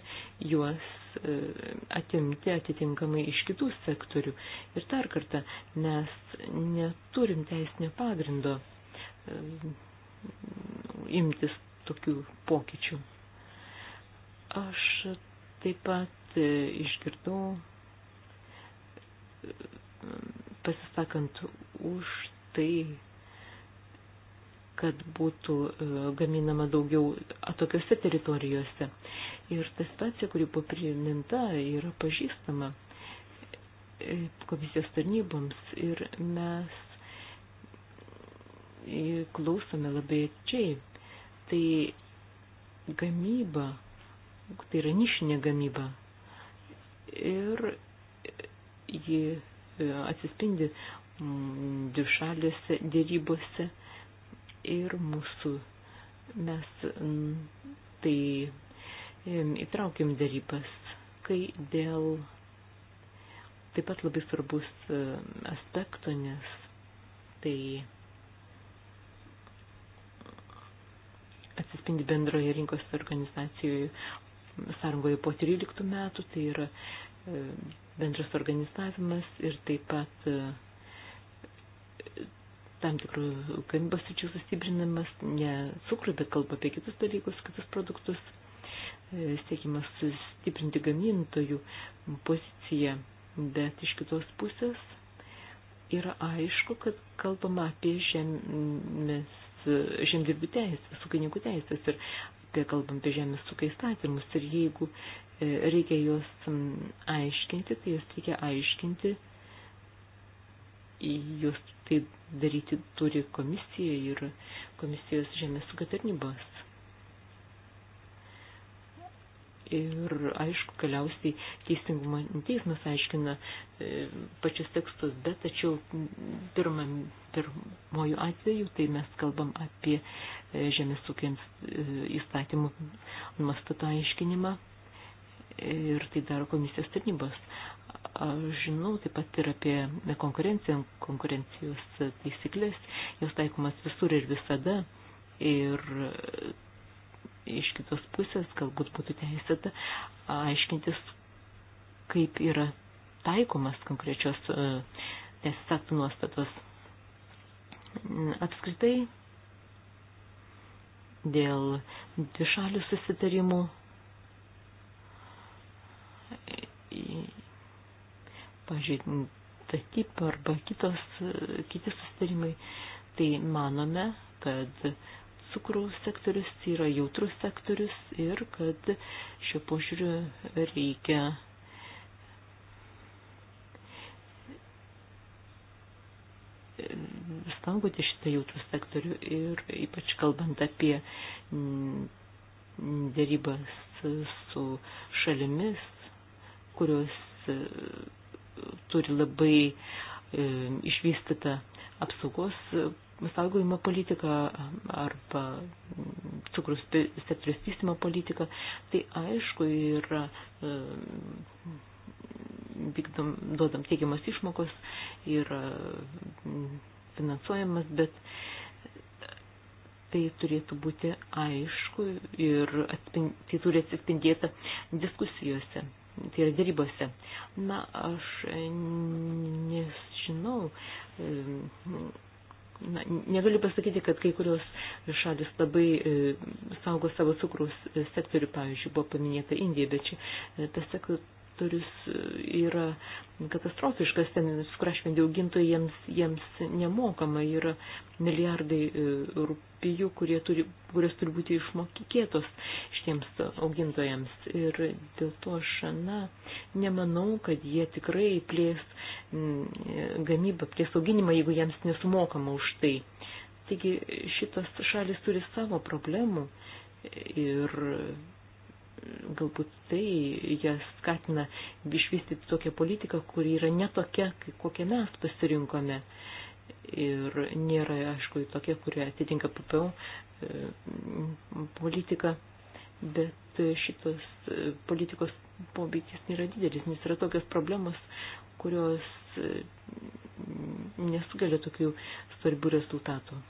juos e, atimti atitinkamai iš kitų sektorių. Ir dar kartą, mes neturim teisinio pagrindo e, imtis tokių pokyčių. Aš taip pat e, išgirdau pasisakant už tai, kad būtų e, gaminama daugiau atokiose teritorijose. Ir ta situacija, kuri buvo priminta, yra pažįstama e, komisijos tarnyboms ir mes e, klausome labai atčiai. Tai gamyba, tai yra nišinė gamyba ir ji atsispindi dvišalėse dėrybose ir mūsų. Mes mm, tai įtraukiam darybas, kai dėl taip pat labai svarbus aspekto, nes tai atsispindi bendroje rinkos organizacijoje sąrangoje po 13 metų, tai yra bendras organizavimas ir taip pat tam tikrų gamybos ryčių sustiprinimas, ne cukrų, bet kalba apie kitus dalykus, kitus produktus, e, siekimas sustiprinti gamintojų poziciją, bet iš kitos pusės yra aišku, kad kalbama apie žemės, žemdirbių teisės, sukininkų teisės ir apie kalbam apie žemės sukai statymus ir jeigu e, reikia juos aiškinti, tai juos reikia aiškinti, juos tai daryti turi komisija ir komisijos žemės ūkio tarnybos. Ir aišku, galiausiai teisingumo teismas aiškina e, pačius tekstus, bet tačiau pirmam, pirmojų atveju tai mes kalbam apie e, žemės ūkiams e, įstatymų nuostato aiškinimą ir tai daro komisijos tarnybos. Aš žinau taip pat ir apie konkurenciją, konkurencijos taisyklės, jos taikomas visur ir visada. Ir iš kitos pusės galbūt būtų teisėta aiškintis, kaip yra taikomas konkrečios e, teisės aktų nuostatos. Apskritai, dėl dvišalių susitarimų pažiūrėjau, TATIP arba kitos, kiti sustarimai, tai manome, kad cukraus sektorius yra jautrus sektorius ir kad šio požiūriu reikia stangoti šitą jautrų sektorių ir ypač kalbant apie dėrybas su šalimis, kurios turi labai e, išvystytą apsaugos e, saugojimo politiką arba cukrus sektorius vystymo politiką, tai aišku yra e, vykdom, duodam teigiamas išmokos, yra finansuojamas, bet tai turėtų būti aišku ir atspind, tai turi atsispindėta diskusijose tai yra dėrybose. Na, aš nežinau, na, negaliu pasakyti, kad kai kurios šalis labai e, saugo savo cukraus sektorių, pavyzdžiui, buvo paminėta Indija, bet čia e, tas sektorius sektorius e, yra katastrofiškas, ten skrašmendė augintojai jiems, jiems nemokama, yra milijardai e, rūpijų, turi, kurios turi būti išmokėtos šitiems augintojams. Ir dėl to aš, na, nemanau, kad jie tikrai plės e, gamybą, plės auginimą, jeigu jiems nesumokama už tai. Taigi šitos šalis turi savo problemų ir galbūt tai jie skatina išvystyti tokią politiką, kuri yra netokia, kokią mes pasirinkome. Ir nėra, aišku, tokia, kuri atitinka PPO e, politiką, bet šitos e, politikos poveikis nėra didelis, nes yra tokios problemos, kurios e, nesugelia tokių svarbių rezultatų.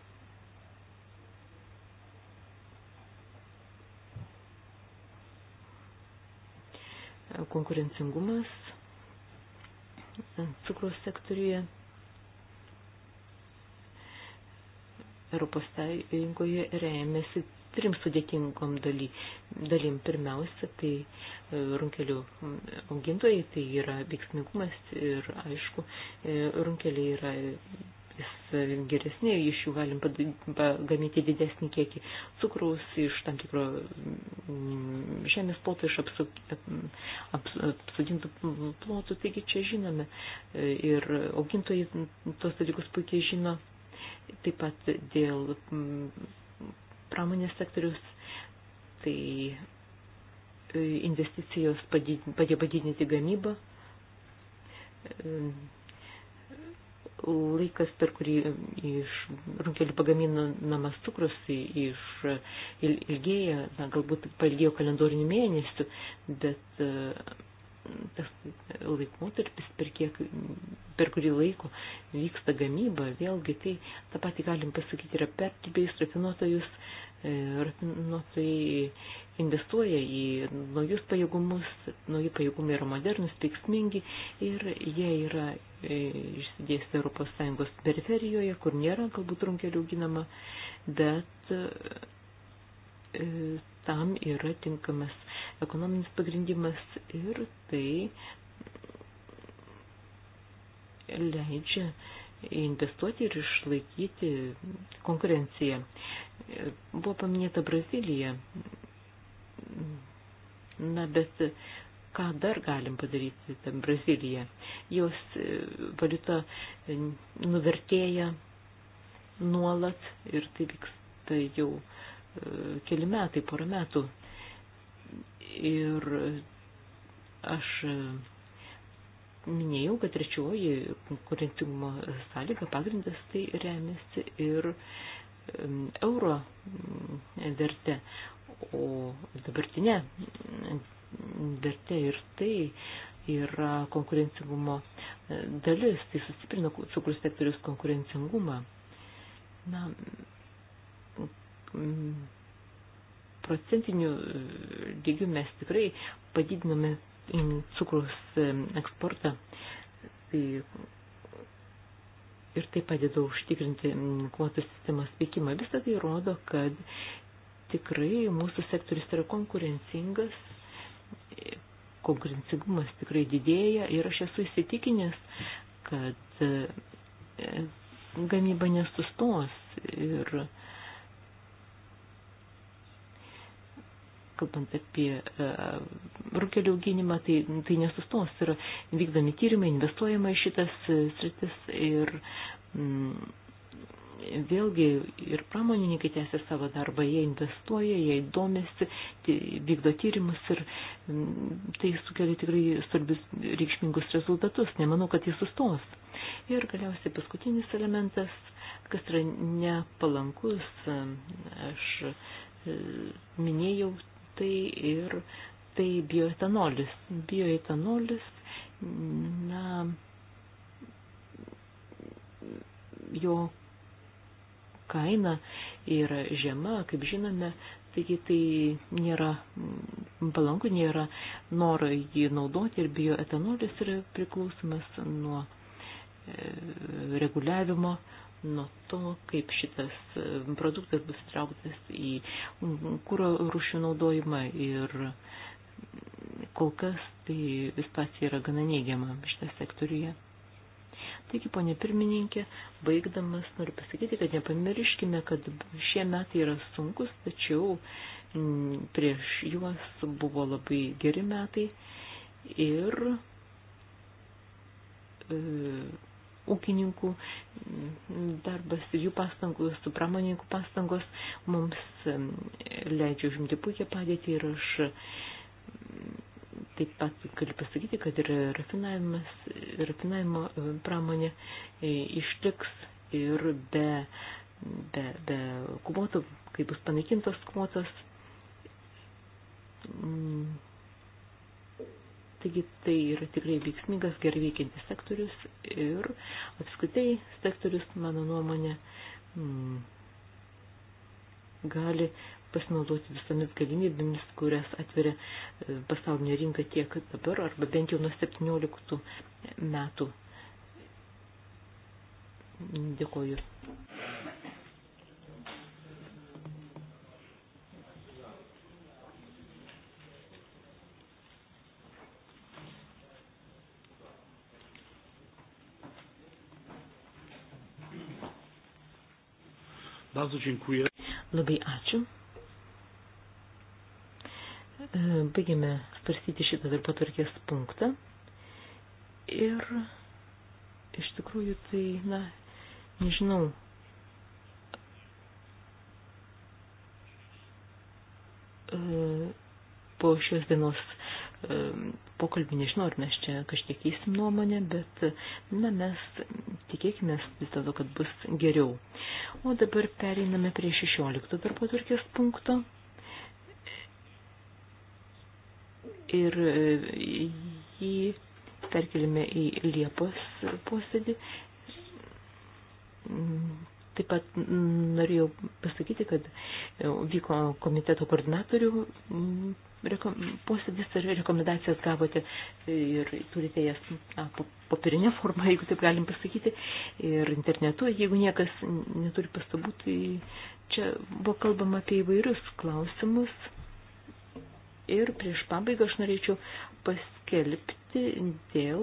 konkurencingumas cukros sektoriuje, Europos sąjungoje remiasi trim sudėtingom daly, dalim. Pirmiausia, tai e, runkelių augintojai, tai yra veiksmingumas ir aišku, e, runkeliai yra vis e, geresni, iš jų galim gaminti didesnį kiekį cukraus, iš tam tikro mm, žemės ploto, iš apsodintų plotų, taigi čia žinome e, ir augintojai tos dalykus puikiai žino, taip pat dėl mm, pramonės sektorius, tai e, investicijos padėjo padidinti gamybą laikas, per kurį e, iš runkelių pagaminamas cukrus iš e, ilgėja, na, galbūt palgėjo kalendorinių mėnesių, bet e, tas laikotarpis, per, kiek, per kurį laiko vyksta gamyba, vėlgi tai tą patį galim pasakyti ir apie perdirbėjus, rafinuotojus, ir nu, tai investuoja į naujus pajėgumus, nauji pajėgumai yra modernus, veiksmingi ir jie yra e, išsidėsti Europos Sąjungos periferijoje, kur nėra galbūt runkelių ginama, bet e, tam yra tinkamas ekonominis pagrindimas ir tai leidžia investuoti ir išlaikyti konkurenciją. Buvo paminėta Brazilija. Na, bet ką dar galim padaryti tam Brazilija? Jos e, valiuta e, nuvertėja nuolat ir tai vyksta jau e, keli metai, porą metų. Ir aš minėjau, kad trečioji konkurencingumo sąlyga pagrindas tai remiasi ir euro verte, o dabartinė vertė ir tai yra konkurencingumo e, dalis, tai sustiprina cukrus sektorius konkurencingumą. Na, procentinių e, lygių mes tikrai padidinome cukrus eksportą. Tai ir tai padeda užtikrinti mm, kvotų sistemos veikimą. Visą tai rodo, kad tikrai mūsų sektorius yra konkurencingas, konkurencingumas tikrai didėja ir aš esu įsitikinęs, kad e, gamyba nesustos ir kalbant apie e, rūkelių auginimą, tai, tai nesustos. Yra vykdomi tyrimai, investuojama į šitas e, sritis ir mm, vėlgi ir pramonininkai tęsia savo darbą, jie investuoja, jie domisi, vykdo tyrimus ir mm, tai sukelia tikrai svarbius reikšmingus rezultatus. Nemanau, kad jis sustos. Ir galiausiai paskutinis elementas, kas yra nepalankus, e, aš minėjau produktai ir tai bioetanolis. Bioetanolis, na, jo kaina yra žema, kaip žinome, taigi tai nėra palanku, nėra noro jį naudoti ir bioetanolis yra priklausomas nuo e, reguliavimo, nuo to, kaip šitas e, produktas bus trauktas į kūro rūšių naudojimą ir kol kas tai situacija yra gana neigiama šitą sektoriuje. Taigi, ponė pirmininkė, baigdamas noriu pasakyti, kad nepamirškime, kad šie metai yra sunkus, tačiau prieš juos buvo labai geri metai ir e, ūkininkų darbas ir jų pastangos, su pramonininkų pastangos mums leidžia užimti puikią padėtį ir aš taip pat galiu pasakyti, kad ir rafinavimas, rafinavimo pramonė e, išliks ir be, be, be kumotų, kai bus panaikintos kumotos, Taigi tai yra tikrai veiksmingas, gerai veikiantis sektorius ir apskritai sektorius, mano nuomonė, m, mm, gali pasinaudoti visomis galimybėmis, kurias atveria e, pasaulinė rinka tiek dabar, arba bent jau nuo 17 metų. Dėkoju. Bardzo dziękuję. Labai ačiū. E, baigėme svarstyti šitą darbo tvarkės punktą. Ir iš tikrųjų tai, na, nežinau. E, po šios dienos pokalbį, nežinau, ar mes čia kažkiek keisim nuomonę, bet na, mes tikėkime vis dėlto, kad bus geriau. O dabar pereiname prie 16 darbo turkės punkto. Ir e, jį perkelime į Liepos posėdį. Taip pat norėjau pasakyti, kad vyko komiteto koordinatorių rekom, posėdis ir rekomendacijas gavote ir turite jas popierinę formą, jeigu taip galim pasakyti, ir internetu, jeigu niekas neturi pastabų, tai čia buvo kalbama apie įvairius klausimus. Ir prieš pabaigą aš norėčiau paskelbti dėl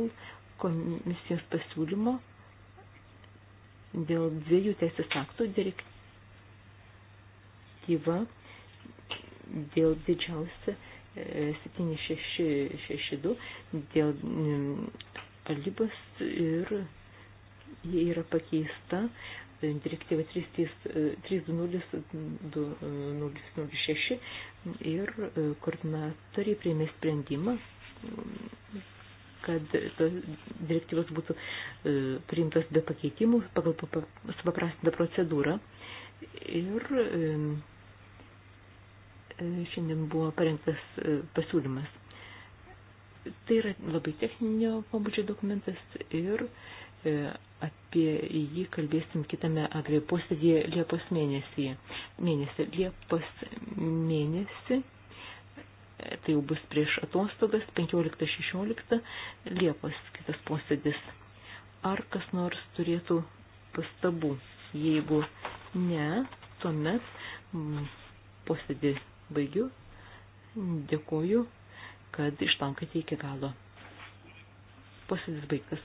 komisijos pasiūlymo dėl dviejų teisės aktų direktyva dėl didžiausia 7662, e, dėl alibas ir jie yra pakeista e, direktyva 320-2006 e, ir koordinatoriai priėmė sprendimą, kad direktyvas būtų priimtas be pakeitimų pagal supaprastintą procedūrą ir šiandien buvo parengtas e, pasiūlymas. Tai yra labai techninio pabudžio dokumentas ir e, apie jį kalbėsim kitame agrė posėdėje Liepos mėnesį. mėnesį. Liepos mėnesį, tai jau bus prieš atostogas, 15-16 Liepos kitas posėdis. Ar kas nors turėtų pastabų? Jeigu ne, tuomet posėdį baigiu. Dėkuoju, kad išlankate iki galo. Posėdis baigtas.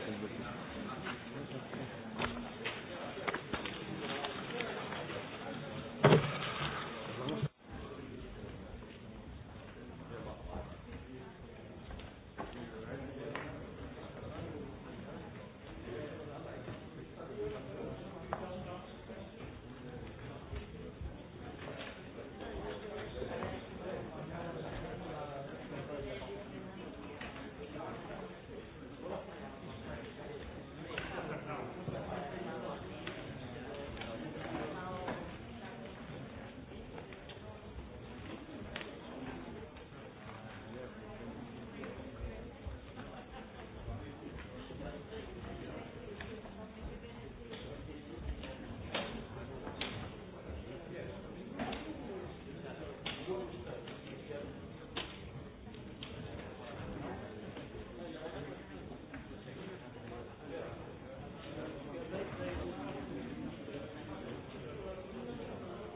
Thank you.